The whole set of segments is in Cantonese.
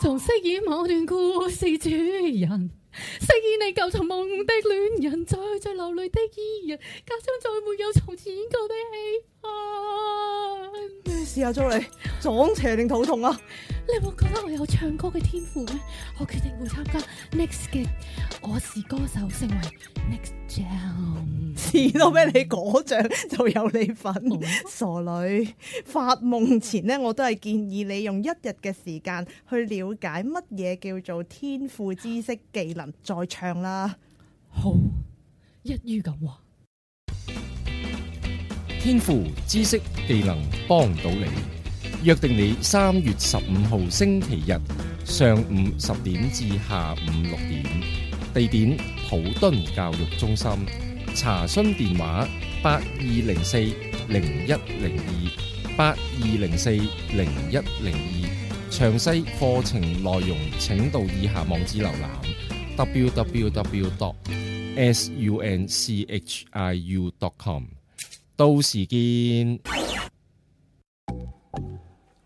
從飾演某段故事主人，飾演你舊時夢的戀人，在最，最流淚的伊人，加上再沒有從前演過的氣氛。試下出你，撞邪定肚痛啊！.你冇覺得我有唱歌嘅天賦咩？我決定會參加 Next 嘅《我是歌手》，成為 Next Jam。至多俾你裹醬就有你份，oh? 傻女！發夢前呢，我都係建議你用一日嘅時間去了解乜嘢叫做天賦、 知識、技能，再唱啦。好，一於咁話，天賦、知識、技能幫到你。約定你三月十五號星期日上午十點至下午六點，地點普敦教育中心。查詢電話八二零四零一零二八二零四零一零二。詳細課程內容，請到以下網址瀏覽：www.sunchiu.com。到時見。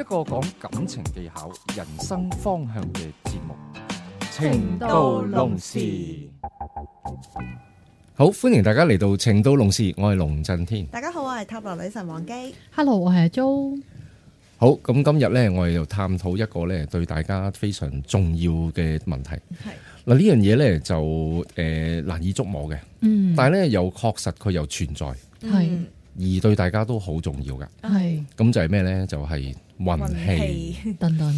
一個講感情技巧、人生方向嘅節目《情到濃時》，好歡迎大家嚟到《情到濃時》，我係龍震天。大家好，我係塔羅女神王姬。Hello，我係阿 Jo。好，咁今日咧，我哋就探討一個咧對大家非常重要嘅問題。係嗱，呢樣嘢咧就誒難以捉摸嘅，嗯，但係咧又確實佢又存在，係。而對大家都好重要㗎，係咁就係咩咧？就係運氣等等。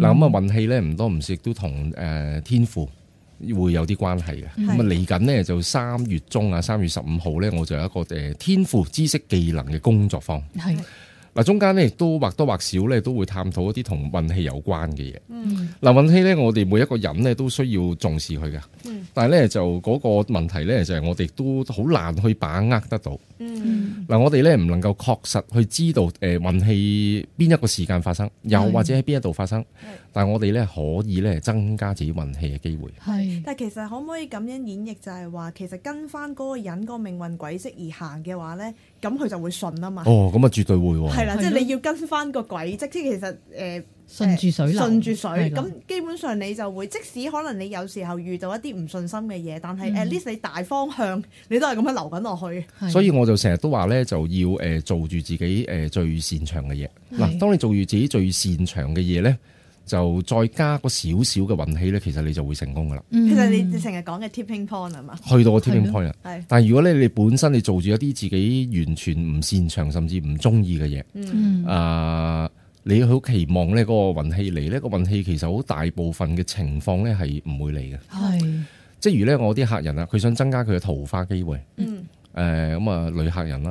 嗱運氣，咁啊運氣咧唔多唔少，亦都同誒天賦會有啲關係嘅。咁啊嚟緊咧就三月中啊，三月十五號咧，我就有一個誒天賦、知識、技能嘅工作坊。中間呢都或多或少咧都會探討一啲同運氣有關嘅嘢。嗱、嗯，運氣呢，我哋每一個人都需要重視佢㗎。嗯、但係咧就嗰個問題咧，就係我哋都好難去把握得到。嗱、嗯，嗯、我哋咧唔能夠確實去知道誒運氣邊一個時間發生，又或者喺邊一度發生。但係我哋咧可以咧增加自己運氣嘅機會。是但係其實可唔可以咁樣演繹就係話，其實跟返嗰個人個命運軌跡而行嘅話咧，咁佢就會順啊嘛。哦，咁啊絕對會。係。即係你要跟翻個軌跡，即係其實誒、呃、順住水流，順住水咁，的基本上你就會，即使可能你有時候遇到一啲唔信心嘅嘢，但係至少你大方向，嗯、你都係咁樣流緊落去。的所以我就成日都話咧，就要誒做住自己誒最擅長嘅嘢。嗱，當你做住自己最擅長嘅嘢咧。的就再加個少少嘅運氣咧，其實你就會成功㗎喇。嗯、其實你成日講嘅 tipping point 啊嘛，去到個 tipping point 啊。的但係如果咧你本身你做住一啲自己完全唔擅長甚至唔中意嘅嘢，啊、嗯呃，你好期望呢嗰個運氣嚟呢個運氣其實好大部分嘅情況咧係唔會嚟嘅。係的，即係如咧我啲客人啊，佢想增加佢嘅桃花機會，嗯，咁啊女客人啦，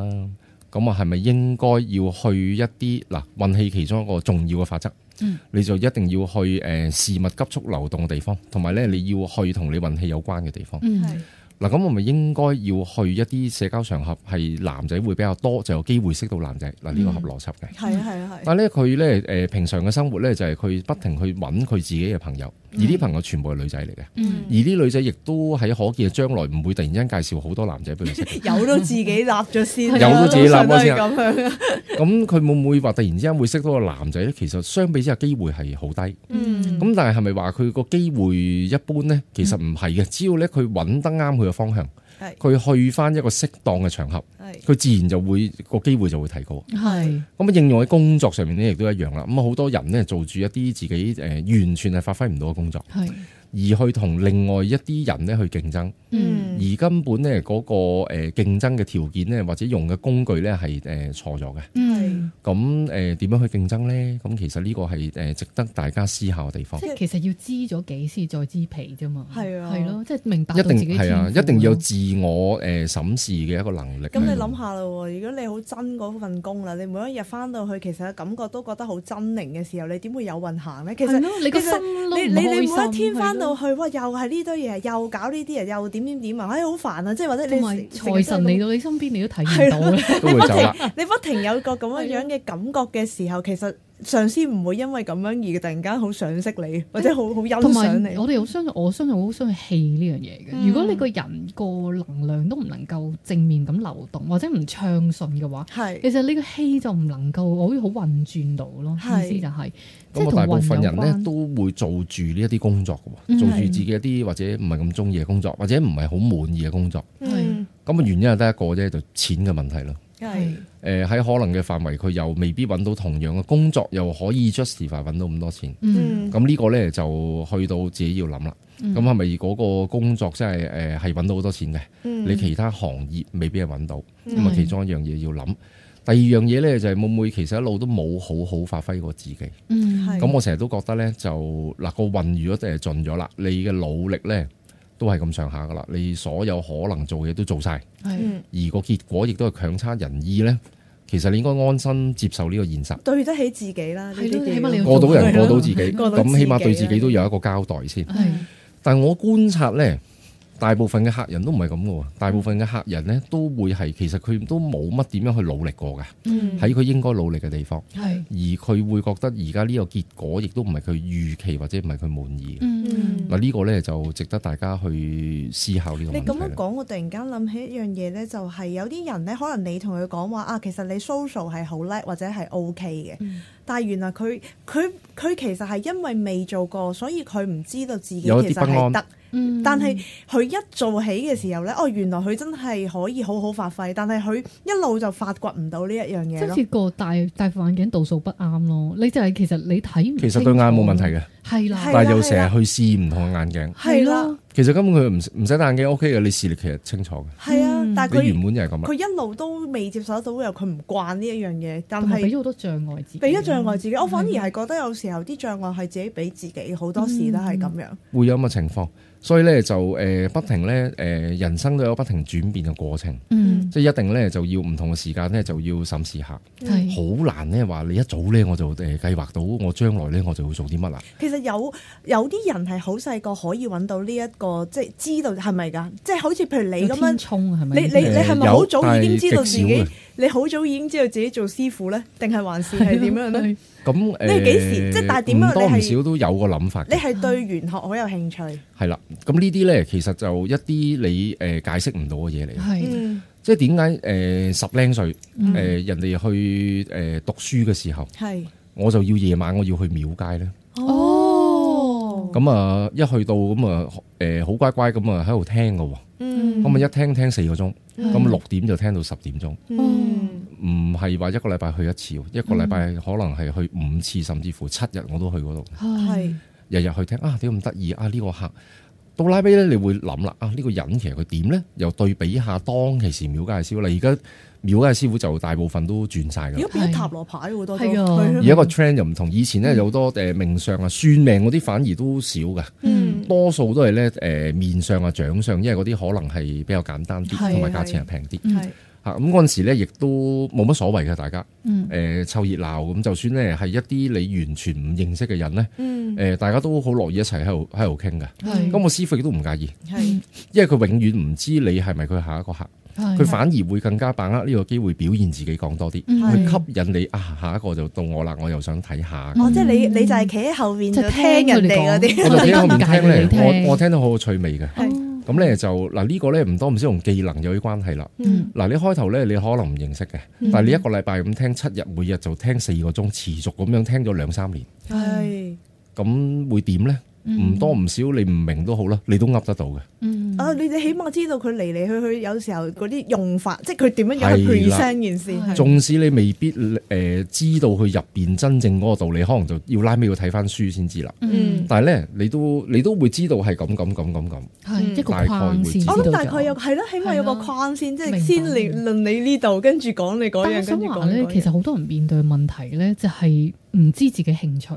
咁啊係咪應該要去一啲嗱運氣其中一個重要嘅法則？嗯，你就一定要去誒事、呃、物急速流動嘅地方，同埋咧你要去同你運氣有關嘅地方。嗯，係。嗱，咁、啊、我咪應該要去一啲社交場合，係男仔會比較多，就有機會識到男仔。嗱、啊、呢、這個合邏輯嘅。係、嗯、啊，係啊，係。但係咧，佢咧誒，平常嘅生活咧就係、是、佢不停去揾佢自己嘅朋友。而啲朋友全部係女仔嚟嘅，嗯、而啲女仔亦都喺可見嘅將來唔會突然之間介紹好多男仔俾佢識， 有都自己立咗先， 有都自己立咗先。咁佢 會唔會話突然之間會識到個男仔咧？其實相比之下機會係好低，咁、嗯、但係係咪話佢個機會一般咧？其實唔係嘅，只要咧佢揾得啱佢嘅方向。佢去翻一個適當嘅場合，佢自然就會，個機會就會提高。係咁啊，應用喺工作上面咧，亦都一樣啦。咁啊，好多人咧做住一啲自己誒、呃，完全係發揮唔到嘅工作，係是而去同另外一啲人咧去競爭，嗯，而根本咧嗰、嗰個誒呃、競爭嘅條件咧，或者用嘅工具咧係誒錯咗嘅。呃咁誒點樣去競爭咧？咁其實呢個係誒值得大家思考嘅地方。即係其實要知咗幾時再知彼啫嘛。係啊，係咯，即係明白到自己。一定係啊，一定要有自我誒審視嘅一個能力。咁你諗下啦喎，如果你好憎嗰份工啦，你每一日翻到去其實感覺都覺得好真靈嘅時候，你點會有運行咧？其實你個心都冇。你你你每一天翻到去，哇！又係呢堆嘢，又搞呢啲嘢，又點點點啊！唉，好煩啊！即係或者你財神嚟到你身邊，你都睇唔到咧。你不停，你不停有個咁樣樣嘅感覺嘅時候，其實上司唔會因為咁樣而突然間好賞識你，或者好好欣賞你。我哋好相信，我相信好相信氣呢樣嘢嘅。如果你個人個能量都唔能夠正面咁流動，或者唔暢順嘅話，係其實呢個氣就唔能夠我好好運轉到咯。意思就係咁，大部分人咧都會做住呢一啲工作嘅，做住自己一啲或者唔係咁中意嘅工作，或者唔係好滿意嘅工作。咁嘅原因係得一個啫，就錢嘅問題咯。誒喺、呃、可能嘅範圍，佢又未必揾到同樣嘅工作，又可以出時快揾到咁多錢。嗯，咁呢個咧就去到自己要諗啦。咁係咪嗰個工作真係誒係揾到好多錢嘅？嗯、你其他行業未必係揾到。咁啊、嗯，其中一樣嘢要諗。第二樣嘢咧就係會唔會其實一路都冇好好發揮過自己？嗯，咁我成日都覺得咧，就嗱個、呃、運如果真係盡咗啦，你嘅努力咧都係咁上下噶啦，你所有可能做嘢都做晒，嗯、而個結果亦都係強差人意咧。其實你應該安心接受呢個現實，對得起自己啦。係，起碼你要過到人，過到自己，咁起碼對自己都有一個交代先。係。但係我觀察咧。大部分嘅客人都唔係咁嘅喎，大部分嘅客人咧都會係其實佢都冇乜點樣去努力過嘅，喺佢、嗯、應該努力嘅地方，是而佢會覺得而家呢個結果亦都唔係佢預期或者唔係佢滿意嘅。嗱、嗯嗯、呢個咧就值得大家去思考呢個問題。你咁樣講，我突然間諗起一樣嘢咧，就係、是、有啲人咧，可能你同佢講話啊，其實你 social 係好叻或者係 OK 嘅。嗯但係原來佢佢佢其實係因為未做過，所以佢唔知道自己其實係得，但係佢一做起嘅時候咧，嗯、哦，原來佢真係可以好好發揮。但係佢一路就發掘唔到呢一樣嘢，即好似個戴戴副眼鏡度數不啱咯，你就係其實你睇其實對眼冇問題嘅，係啦，但係又成日去試唔同嘅眼鏡。係啦，啦啦其實根本佢唔唔使戴眼鏡 OK 嘅，你視力其實清楚嘅。係啊。嗯但佢原本就係咁，佢一路都未接受到，又佢唔慣呢一樣嘢，但係俾咗好多障礙自己，俾咗障礙自己，我反而係覺得有時候啲障礙係自己俾自己，好多事都係咁樣，嗯，會有咁嘅情況。所以咧就誒不停咧誒人生都有不停轉變嘅過程，嗯，即係一定咧就要唔同嘅時間咧就要審視下，係好、嗯、難咧話你一早咧我就誒計劃到我將來咧我就要做啲乜啊？其實有有啲人係好細個可以搵到呢、這、一個即係知道係咪㗎？即係好似譬如你咁樣，係咪你你你係咪好早已經知道自己？呃你好早已經知道自己做師傅咧，定係還是係點樣咧？咁你幾時？呃、即係但係點樣？你係咁多少都有個諗法。嗯、你係對玄學好有興趣。係啦，咁呢啲咧其實就一啲你誒、呃、解釋唔到嘅嘢嚟。係的，嗯、即係點解誒十零歲誒、呃、人哋去誒、呃、讀書嘅時候，係的我就要夜晚我要去廟街咧。哦，咁啊、哦嗯、一去到咁啊誒好乖乖咁啊喺度聽㗎喎。可唔可以一聽聽四個鐘，咁、嗯、六點就聽到十點鐘，唔係話一個禮拜去一次，一個禮拜可能係去五次，甚至乎七日我都去嗰度，係日日去聽啊！點咁得意啊？呢、這個客到拉尾咧，你會諗啦，啊呢、這個人其實佢點咧？又對比下當其時廟街師傅啦，而家廟街師傅就大部分都轉晒噶，而家是變塔羅牌好多，多，的的而家個 trend 又唔同。以前咧有好多誒命相啊、嗯、算命嗰啲，反而都少噶嗯多數都係咧，誒、呃，面相啊，掌相，因為嗰啲可能係比較簡單啲，同埋價錢又平啲，係吓咁嗰陣時咧，亦都冇乜所謂嘅大家，嗯、呃，誒，湊熱鬧咁，就算咧係一啲你完全唔認識嘅人咧，嗯，誒、呃，大家都好樂意一齊喺度喺度傾噶，係，咁是我師傅亦都唔介意，係是，因為佢永遠唔知你係咪佢下一個客。佢反而會更加把握呢個機會，表現自己講多啲，去吸引你啊！下一個就到我啦，我又想睇下。哦，即係你你就係企喺後面，就聽人哋嗰啲，我唔聽，我我聽得好好趣味嘅。咁咧就嗱呢個咧唔多唔少同技能有啲關係啦。嗱你開頭咧你可能唔認識嘅，但係你一個禮拜咁聽七日，每日就聽四個鐘，持續咁樣聽咗兩三年。係。咁會點咧？唔多唔少，你唔明都好啦，你都呃得到嘅。啊，你哋起碼知道佢嚟嚟去去，有時候嗰啲用法，即係佢點樣樣去 present 件事。縱使你未必誒知道佢入邊真正嗰個道理，可能就要拉尾要睇翻書先知啦。但係咧，你都你都會知道係咁咁咁咁咁。一個框先。我諗大概有係啦，起碼有個框先，即係先嚟論你呢度，跟住講你講嘢。但係我想話咧，其實好多人面對嘅問題咧，就係唔知自己興趣。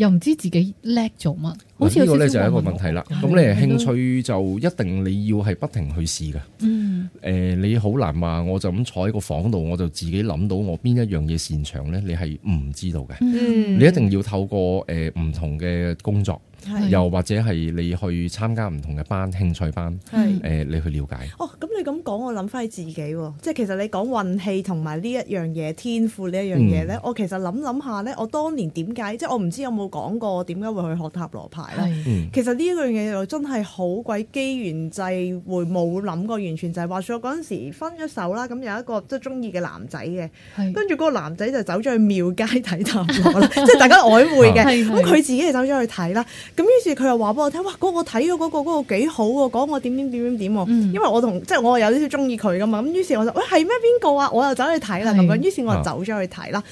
又唔知自己叻做乜，好似呢個咧就係一個問題啦。咁、嗯、你興趣就一定你要係不停去試嘅。嗯，誒、呃、你好難話，我就咁坐喺個房度，我就自己諗到我邊一樣嘢擅長咧，你係唔知道嘅。嗯，你一定要透過誒唔、呃、同嘅工作。又或者係你去參加唔同嘅班興趣班，誒的、呃，你去了解。哦，咁你咁講，我諗翻起自己，即係其實你講運氣同埋呢一樣嘢，天賦呢一樣嘢咧，嗯、我其實諗諗下咧，我當年點解，即係我唔知有冇講過，點解會去學塔羅牌咧？的嗯、其實呢樣嘢又真係好鬼機緣際會，冇諗過完全就係、是、話，我嗰陣時分咗手啦，咁有一個即係中意嘅男仔嘅，跟住嗰個男仔就走咗去廟街睇塔羅啦， 即係大家曖昧嘅，咁佢自己就走咗去睇啦。咁於是佢又話俾我聽，哇嗰、嗰個睇咗嗰個幾、嗰個、好喎，講我點點點點點，嗯、因為我同即係我有啲少中意佢㗎嘛，咁於是我就喂係咩邊個啊？我又走去睇啦咁樣，於是我就走咗、欸啊、去睇啦。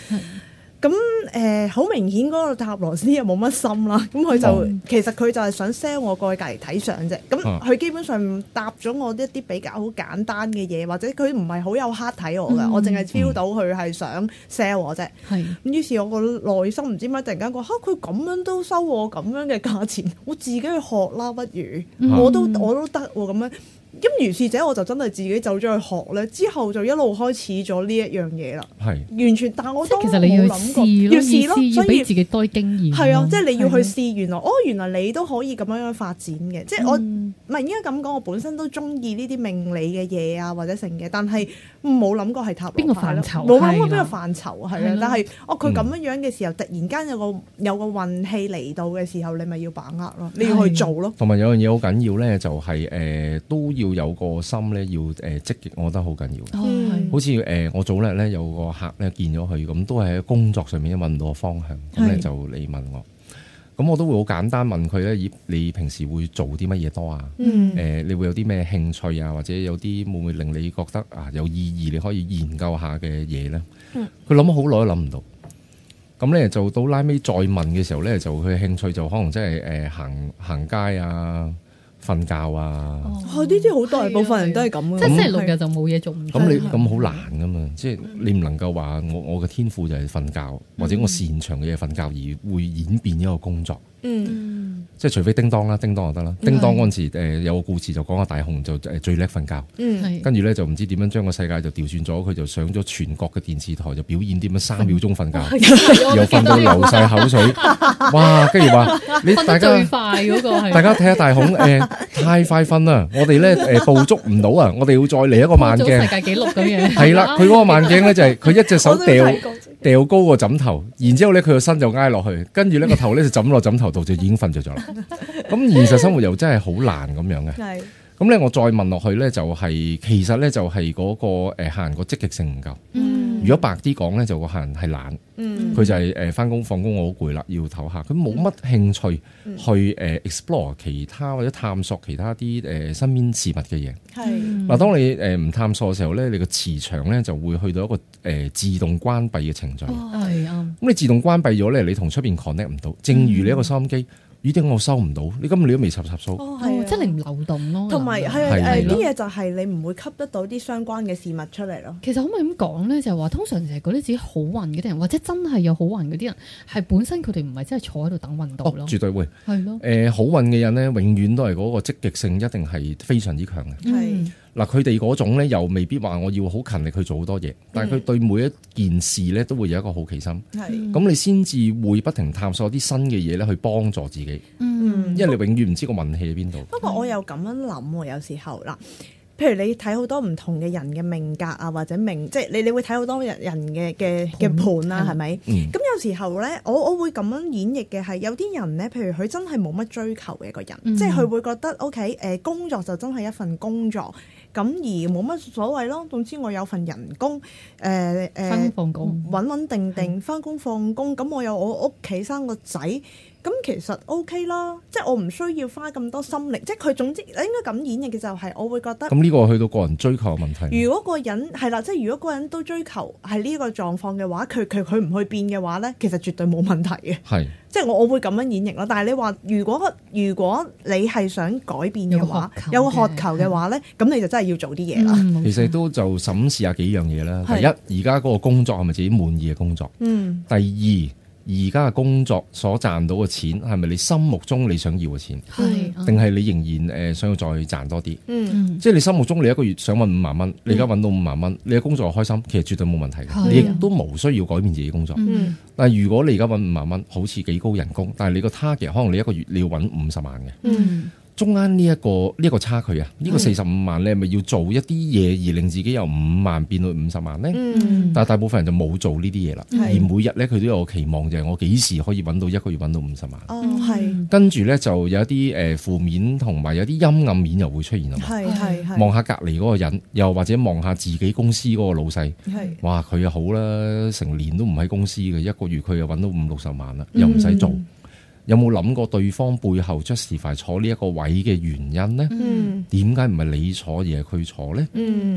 咁誒好明顯嗰個塔羅斯又冇乜心啦，咁佢就、嗯、其實佢就係想 sell 我過去隔離睇相啫，咁佢基本上答咗我一啲比較好簡單嘅嘢，或者佢唔係好有 heart 睇我噶，嗯、我淨係 feel 到佢係想 sell 我啫。咁、嗯，於是我個內心唔知點解突然間講嚇，佢、啊、咁樣都收我咁樣嘅價錢，我自己去學啦不如，我都我都得喎咁樣。咁如是者，我就真係自己走咗去學咧，之後就一路開始咗呢一樣嘢啦。係完全，但係我當其時你要諗過，要試咯，要俾自己多啲經驗。係啊，即係你要去試。原來哦，原來你都可以咁樣樣發展嘅。即係我唔係應該咁講。我本身都中意呢啲命理嘅嘢啊，或者成嘅，但係冇諗過係塔邊個範疇，冇諗過邊個範疇係啊。但係哦，佢咁樣樣嘅時候，突然間有個有個運氣嚟到嘅時候，你咪要把握咯，你要去做咯。同埋有樣嘢好緊要咧，就係誒都要。要有個心咧，要誒積極，我覺得、哦、好緊要。好似誒，我早日咧有個客咧見咗佢，咁都係喺工作上面揾到我方向。咁咧是就你問我，咁我都會好簡單問佢咧，咦，你平時會做啲乜嘢多啊？誒、嗯呃，你會有啲咩興趣啊？或者有啲會唔會令你覺得啊有意義？你可以研究下嘅嘢咧。佢諗咗好耐都諗唔到。咁咧就到拉尾再問嘅時候咧，就佢興趣就可能即係誒行行街啊。瞓覺啊！嚇、哦，呢啲好多大、啊、部分人都係咁啊，即係星期六日就冇嘢做。咁是你咁好難噶嘛？即係的你唔能夠話我我嘅天賦就係瞓覺，嗯、或者我擅長嘅嘢瞓覺而會演變一個工作。嗯。即係除非叮當啦，叮當就得啦。是叮當嗰陣時、呃，有個故事就講阿大雄就誒最叻瞓覺，跟住咧就唔知點樣將個世界就調轉咗，佢就上咗全國嘅電視台就表演點樣三秒鐘瞓覺，又瞓是到流晒口水， 哇！跟住話你大家快嗰個係，大家睇下大雄誒、呃、太快瞓啦，我哋咧誒捕捉唔到啊，我哋要再嚟一個慢鏡世界紀錄咁樣，係啦， 佢嗰個慢鏡咧就係佢一隻手掉掉高個枕頭，然之後咧佢個身就挨落去，跟住咧個頭咧就枕落枕頭度就已經瞓着咗啦。咁現 實生活又真係好難咁樣嘅。咁咧是係、嗯、我再問落去咧就係、是係，其實咧就係、是係、嗰、那個嗰個誒、呃、客人個積極性唔夠。嗯。如果白啲講咧，就個客人係懶。嗯。佢就係誒返工放工我好攰啦，要唞下。佢冇乜興趣去誒 explore 其他或者探索其他啲誒身邊事物嘅嘢。係嗱的，當你誒唔探索嘅時候咧，你個磁場咧就會去到一個誒自動關閉嘅程序。係啊、哦，咁你自動關閉咗咧，你同出邊 connect 唔到。正如你一個收音機。嗯雨定我收唔到，你今個你都未插插數。哦，係、啊，即係唔流動咯。同埋係誒啲嘢就係你唔會吸得到啲相關嘅事物出嚟咯是、啊啊。其實可唔可以咁講咧？就係話，通常成日嗰啲自己好運嘅人，或者真係有好運嗰啲人，係本身佢哋唔係真係坐喺度等運到咯、啊。絕對會。咯、啊。誒、呃，好運嘅人咧，永遠都係嗰個積極性一定係非常之強嘅。係、啊。 嗱，佢哋嗰種咧，又未必話我要好勤力去做好多嘢，嗯、但係佢對每一件事咧，都會有一個好奇心。係是。咁你先至會不停探索啲新嘅嘢咧，去幫助自己。嗯。因為你永遠唔知個運氣喺邊度。不過、嗯、我有咁樣諗喎，有時候嗱，譬如你睇好多唔同嘅人嘅命格啊，或者命，即係你你會睇好多人人嘅嘅嘅盤啦，係咪？咁有時候咧，我我會咁樣演繹嘅係有啲人咧，譬如佢真係冇乜追求嘅一個人，嗯、即係佢會覺得 OK，誒工作就真係一份工作。咁而冇乜所謂咯，總之我有份人工，誒誒，翻工放工，穩穩定定翻工放工，咁我有我屋企生個仔。咁其實 OK 啦，即係我唔需要花咁多心力，即係佢總之應該咁演繹嘅就係我會覺得。咁呢個去到個人追求嘅問題。如果個人係啦，即係如果個人都追求係呢個狀況嘅話，佢佢佢唔去變嘅話咧，其實絕對冇問題嘅。係，即係我我會咁樣演繹咯。但係你話如果如果你係想改變嘅話，有個渴求嘅話咧，咁你就真係要做啲嘢啦。嗯、其實都就審視下幾樣嘢啦。第一，而家嗰個工作係咪自己滿意嘅工作？嗯。第二。而家嘅工作所賺到嘅錢，係咪你心目中你想要嘅錢？係、啊，定係你仍然誒想要再賺多啲？嗯，即係你心目中你一個月想揾五萬蚊，你而家揾到五萬蚊，你嘅工作又開心，其實絕對冇問題嘅，啊、你亦都無需要改變自己工作。嗯，但係如果你而家揾五萬蚊，好似幾高人工，但係你個 target 可能你一個月你要揾五十萬嘅。嗯。嗯。中間呢一個呢一個差距啊，呢個四十五萬咧，咪要做一啲嘢而令自己由五萬變到五十萬呢？嗯、但係大部分人就冇做呢啲嘢啦，是而每日呢，佢都有個期望，就係我幾時可以揾到一個月揾到五十萬？跟住呢，就有一啲誒負面同埋有啲陰暗面又會出現啊！係係係。望下隔離嗰個人，又或者望下自己公司嗰個老細，係是哇佢又好啦，成年都唔喺公司嘅，一個月佢又揾到五六十萬啦，又唔使做。嗯有冇諗過對方背後將事發坐呢一個位嘅原因咧？點解唔係你坐而係佢坐咧？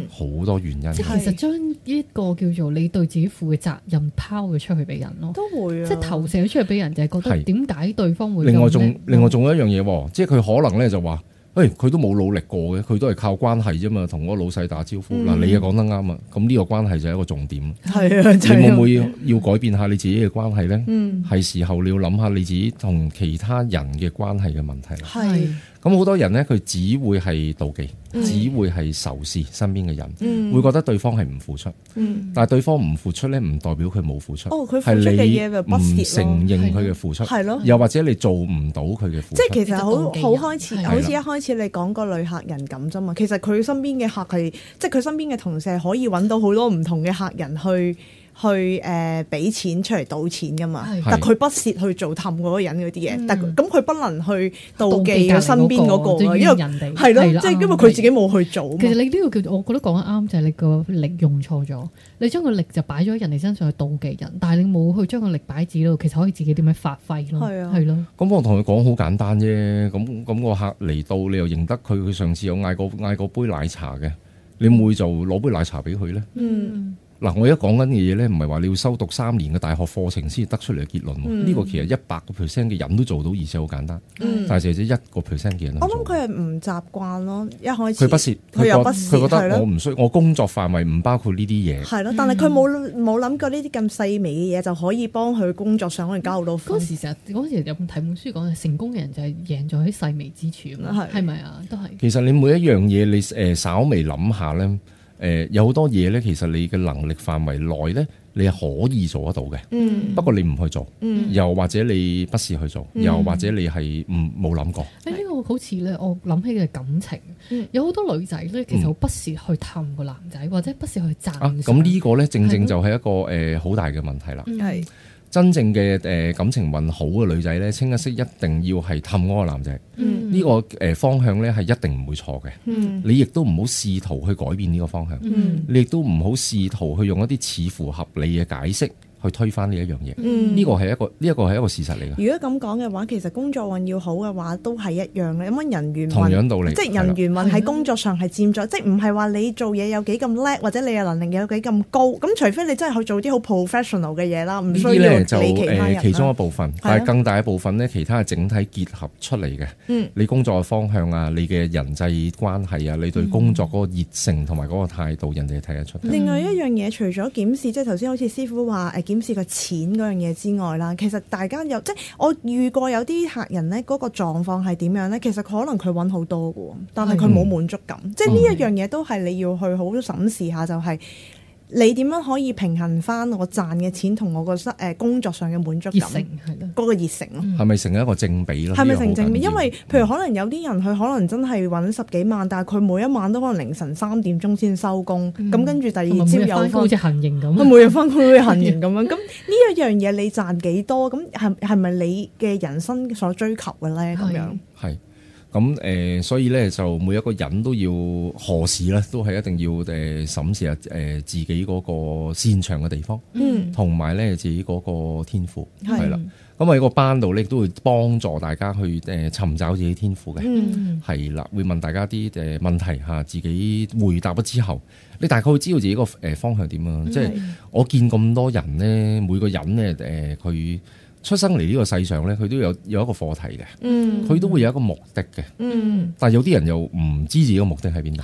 好、嗯、多原因。即係其實將呢個叫做你對自己負嘅責任拋咗出去俾人咯，都會、啊、即係投射咗出去俾人，就係、是、覺得點解對方會。另外仲另外仲有一樣嘢，即係佢可能咧就話。誒，佢、哎、都冇努力過嘅，佢都係靠關係啫嘛，同嗰個老細打招呼。嗱、嗯，你又講得啱啊，咁呢個關係就係一個重點。係啊，就是、你會唔會要改變下你自己嘅關係咧？嗯，係時候你要諗下你自己同其他人嘅關係嘅問題。係。咁好多人咧，佢只會係妒忌，只會係仇視身邊嘅人，嗯、會覺得對方係唔付出。嗯、但係對方唔付出咧，唔代表佢冇付出。佢係、哦、你唔承認佢嘅付出，又或者你做唔到佢嘅付出。即係其實好好開始，好似一開始你講個女客人咁啫嘛。的其實佢身邊嘅客係，即係佢身邊嘅同事係可以搵到好多唔同嘅客人去。去誒俾錢出嚟賭錢噶嘛，但佢不屑去做氹嗰個人嗰啲嘢，但咁佢不能去妒忌佢身邊嗰個，因為人哋係咯，即係因為佢自己冇去做。其實你呢個叫做，我覺得講得啱就係你個力用錯咗，你將個力就擺咗喺人哋身上去妒忌人，但係你冇去將個力擺喺自己度，其實可以自己點樣發揮咯，係啊，係咯。咁我同佢講好簡單啫，咁咁個客嚟到，你又認得佢，佢上次有嗌過嗌過杯奶茶嘅，你唔會就攞杯奶茶俾佢咧？嗯。嗱，我而家講緊嘅嘢咧，唔係話你要修讀三年嘅大學課程先得出嚟嘅結論。呢個其實一百個 percent 嘅人都做到，而且好簡單。但係就只一個 percent 嘅人。我諗佢係唔習慣咯，一開始。佢不屑，佢又不屑，佢覺得我唔需，我工作範圍唔包括呢啲嘢。係咯，但係佢冇冇諗過呢啲咁細微嘅嘢就可以幫佢工作上可能交到貨。嗰時成日，嗰時有本睇本書講，成功嘅人就係贏在喺細微之處啊嘛。係咪啊？都係。其實你每一樣嘢，你誒稍微諗下咧。誒、呃、有好多嘢咧，其實你嘅能力範圍內咧，你係可以做得到嘅。嗯，不過你唔去做，嗯，又或者你不時去做，嗯、又或者你係唔冇諗過。誒呢、欸呢個好似咧，我諗起嘅感情，嗯、有好多女仔咧，其實好不屑去氹個男仔，或者不屑去讚。啊，咁呢個咧，正正就係一個誒好嗎、呃、大嘅問題啦。係。真正嘅誒感情運好嘅女仔呢，清一色一定要係氹嗰個男仔，嗯、呢個誒方向呢，係一定唔會錯嘅。嗯、你亦都唔好試圖去改變呢個方向，嗯、你亦都唔好試圖去用一啲似乎合理嘅解釋。去推翻呢一樣嘢，呢個係一個呢一個係一個事實嚟嘅。如果咁講嘅話，其實工作運要好嘅話，都係一樣嘅。咁樣人緣同樣道理，即係人緣運喺工作上係佔咗，嗯、即唔係話你做嘢有幾咁叻，或者你嘅能力有幾咁高？咁除非你真係去做啲好 professional 嘅嘢啦，唔需要就其中一部分，但係更大一部分呢，其他係整體結合出嚟嘅。你工作嘅方向啊，你嘅人際關係啊，你對工作嗰個熱誠同埋嗰個態度，人哋睇得出。另外一樣嘢，除咗檢視，即係頭先好似師傅話檢視個錢嗰樣嘢之外啦，其實大家有即係我遇過有啲客人呢，嗰個狀況係點樣咧？其實可能佢揾好多㗎，但係佢冇滿足感，的即係呢一樣嘢都係你要去好審視下，就係，就係。你點樣可以平衡翻我賺嘅錢同我個失誒工作上嘅滿足感？熱誠係咯，嗰個熱誠係咪成一個正比咧？係咪成正比？因為譬如可能有啲人佢可能真係揾十幾萬，嗯、但係佢每一晚都可能凌晨三點鐘先收工，咁、嗯、跟住第二朝又好似行刑咁。佢每日翻工都好似行刑咁樣。咁呢一樣嘢 你賺幾多？咁係係咪你嘅人生所追求嘅咧？咁樣係。咁誒，嗯、所以咧就每一個人都要何時咧，都係一定要誒審視下誒自己嗰個擅長嘅地方，嗯，同埋咧自己嗰個天賦係啦。咁喺個班度咧，亦都會幫助大家去誒尋找自己天賦嘅，係啦、嗯，會問大家啲誒問題嚇，自己回答咗之後，你大概會知道自己個誒方向點啊。即係、嗯、我見咁多人咧，每個人咧誒佢。呃出生嚟呢個世上咧，佢都有有一個課題嘅，佢、嗯、都會有一個目的嘅。嗯、但係有啲人又唔知自己個目的喺邊度。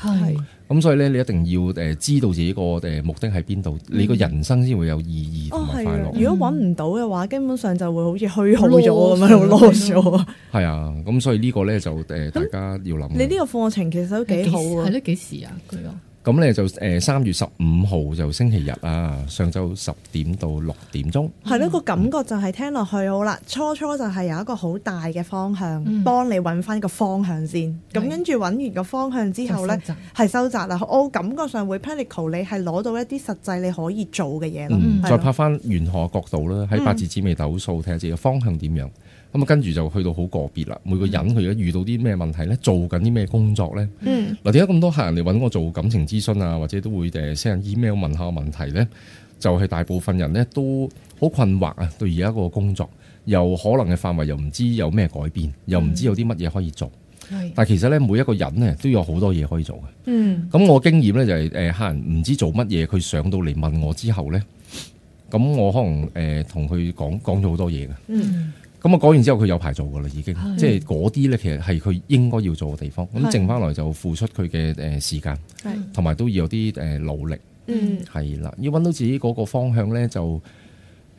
咁是所以咧，你一定要誒知道自己個誒目的喺邊度，你個、嗯、人生先會有意義同埋快樂。哦嗯、如果揾唔到嘅話，基本上就會好似虛耗咗咁樣，囉嗦。係啊，咁所以呢個咧就誒大家要諗、嗯。你呢個課程其實都幾好啊。係咧，幾時啊？佢講。咁咧就誒三月十五號就星期日啊，上晝十點到六點鐘。係咯、嗯，個、嗯、感覺就係聽落去好啦。初初就係有一個好大嘅方向，嗯、幫你揾翻個方向先。咁、嗯、跟住揾完個方向之後咧，係收窄啦。我、哦、感覺上會 practical 你係攞到一啲實際你可以做嘅嘢咯。嗯、的再拍翻沿河角度啦，喺八字紫微斗數睇下自己方向點樣。嗯咁跟住就去到好個別啦。每個人佢而家遇到啲咩問題咧？做緊啲咩工作咧？嗯，嗱，點解咁多客人嚟揾我做感情諮詢啊？或者都會誒寫 email 問下問題咧？就係大部分人咧都好困惑啊！對而家個工作，又可能嘅範圍又唔知有咩改變，又唔知有啲乜嘢可以做。嗯，但係其實咧，每一個人咧都有好多嘢可以做嘅。嗯，咁我經驗咧就係誒，客人唔知做乜嘢，佢上到嚟問我之後咧，咁我可能誒同佢講講咗好多嘢嘅。嗯。咁啊，講完之後佢有排做噶啦，已經，即係嗰啲咧，其實係佢應該要做嘅地方。咁是的 剩翻嚟就付出佢嘅誒時間，同埋是的 都要有啲誒努力，係啦、嗯，要搵到自己嗰個方向咧就。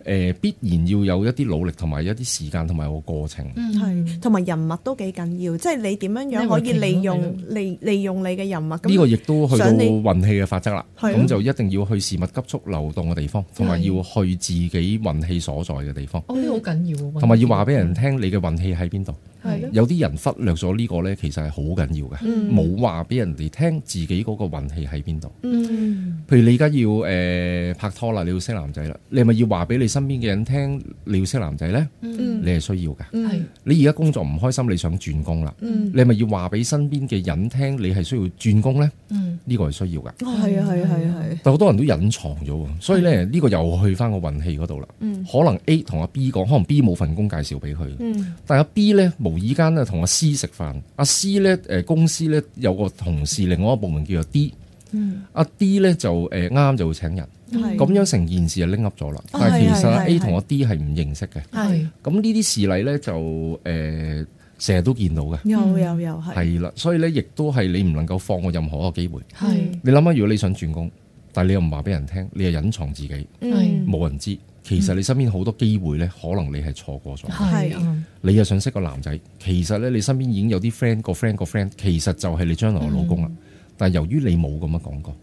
誒必然要有一啲努力同埋一啲時間同埋個過程，嗯，係，同埋人物都幾緊要，即係你點樣樣可以利用利利用你嘅人物，呢個亦都去到運氣嘅法則啦。咁就一定要去事物急速流動嘅地方，同埋要去自己運氣所在嘅地方。哦，呢個好緊要。同埋要話俾人聽你嘅運氣喺邊度。係。有啲人忽略咗呢個咧，其實係好緊要嘅，冇話俾人哋聽自己嗰個運氣喺邊度。嗯。譬如你而家要誒拍拖啦，你要識男仔啦，你係咪要話俾你？身邊嘅人聽你要識男仔咧，你係需要㗎。嗯、你而家工作唔開心，你想轉工啦。嗯、你係咪要話俾身邊嘅人聽你係需要轉工咧？呢、嗯、個係需要㗎。係啊、嗯，係啊，係啊。但好多人都隱藏咗，所以咧呢個又去返個運氣嗰度啦。嗯、可能 A 同阿 B 講，可能 B 冇份工介紹俾佢。嗯、但係阿 B 咧無意間咧同阿 C 食飯，阿、嗯、C 咧誒公司咧有個同事，另外一個部門叫做 D，嗯。阿 D 咧就誒啱就會請人。咁樣成件事就 link up 咗啦，但係其實 A 同我 D 係唔認識嘅。咁呢啲事例咧就誒成日都見到嘅。有有有係。係啦，所以咧亦都係你唔能夠放過任何一個機會。係。你諗下，如果你想轉工，但係你又唔話俾人聽，你又隱藏自己，冇人知，其實你身邊好多機會咧，可能你係錯過咗。係。你又想識個男仔，其實咧你身邊已經有啲 friend 個 friend 個 friend，其實就係你將來嘅老公啦。但係由於你冇咁樣講過，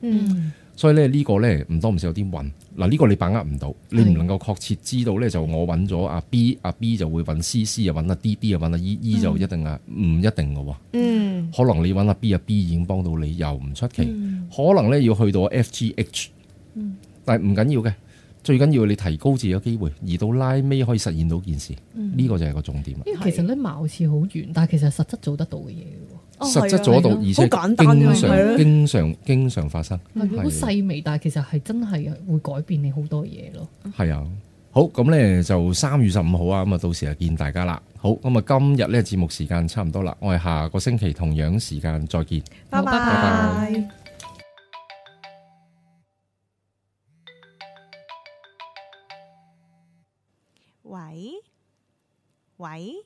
所以咧呢個咧唔多唔少有啲混。嗱，呢個你把握唔到，你唔能夠確切知道咧，就我揾咗阿 B，阿 B 就會揾 C，C 又揾阿 D，D 又揾阿 E，E 就一定啊唔一定嘅喎。嗯，可能你揾阿 B，阿 B 已經幫到你，又唔出奇。可能咧要去到 F、G、H，但係唔緊要嘅，最緊要你提高自己嘅機會，而到拉尾可以實現到件事，呢個就係個重點。因為其實咧貌似好遠，但係其實實質做得到嘅嘢。實質做到，而且經常、經常、經常發生，好細微，但係其實係真係會改變你好多嘢咯。係啊，好，咁咧就三月十五號啊，咁啊到時就見大家啦。好，咁啊今日呢節目時間差唔多啦，我哋下個星期同樣時間再見。拜拜。喂喂。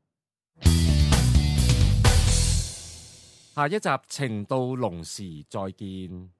下一集，情到濃時，再見。